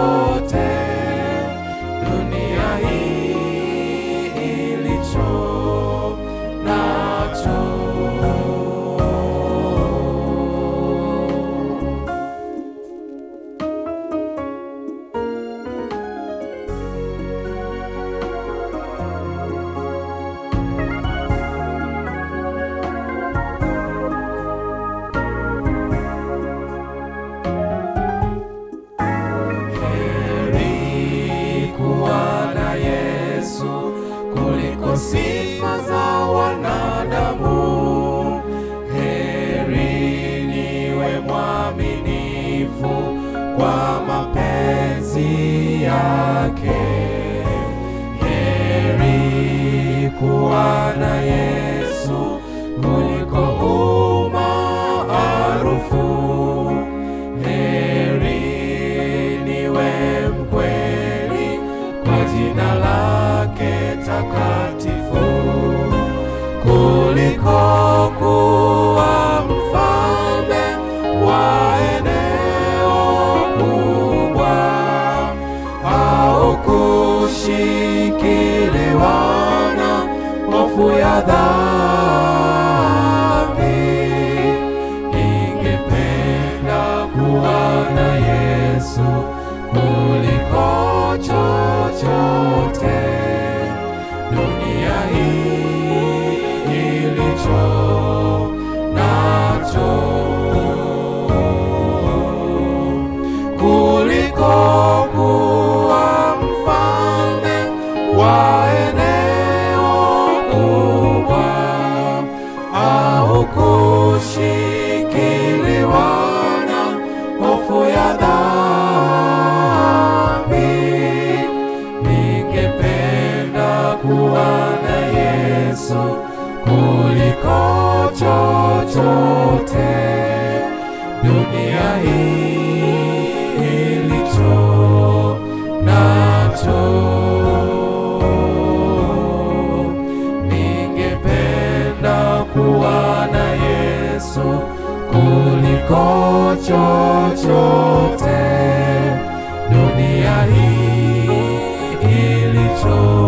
Lord. sifa za wanadamu. Heri niwe mwaminifu kwa mapenzi yake, heri kuwa na Yesu kuliko umaarufu. Heri niwe mkweli kwa jina la kushikiliwana hofu ya dhambi. Ningependa kuwa na Yesu kuliko chochote dunia hii. Bwana Yesu kuliko chochote dunia hii ilicho nacho. Ningependa kuwa na Yesu kuliko chochote dunia hii ilicho